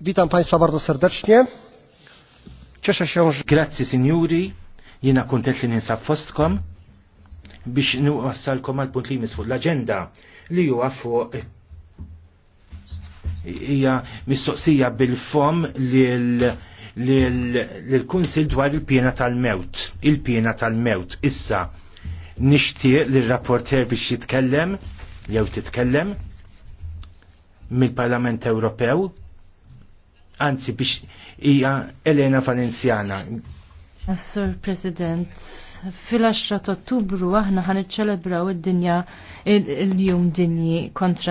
Witam Państwa bardzo serdecznie. Cieszę się, że... Grazzi signori, jena kontent li ninsab fostkom biex nuqassalkom għal punt li jmiss fuq l-agenda li huwa fuq hija mistoqsija bil-fom lill-Kunsil dwar il-pjena tal-mewt, il-pjena tal-mewt. Issa nixtieq lir-rapporter biex jitkellem jew titkellem mill-Parlament Ewropew anzi biex hija Elena Valenciana. Assur President, fil-10 ta' Ottubru aħna ħan iċċelebraw id-dinja il-jum dinji kontra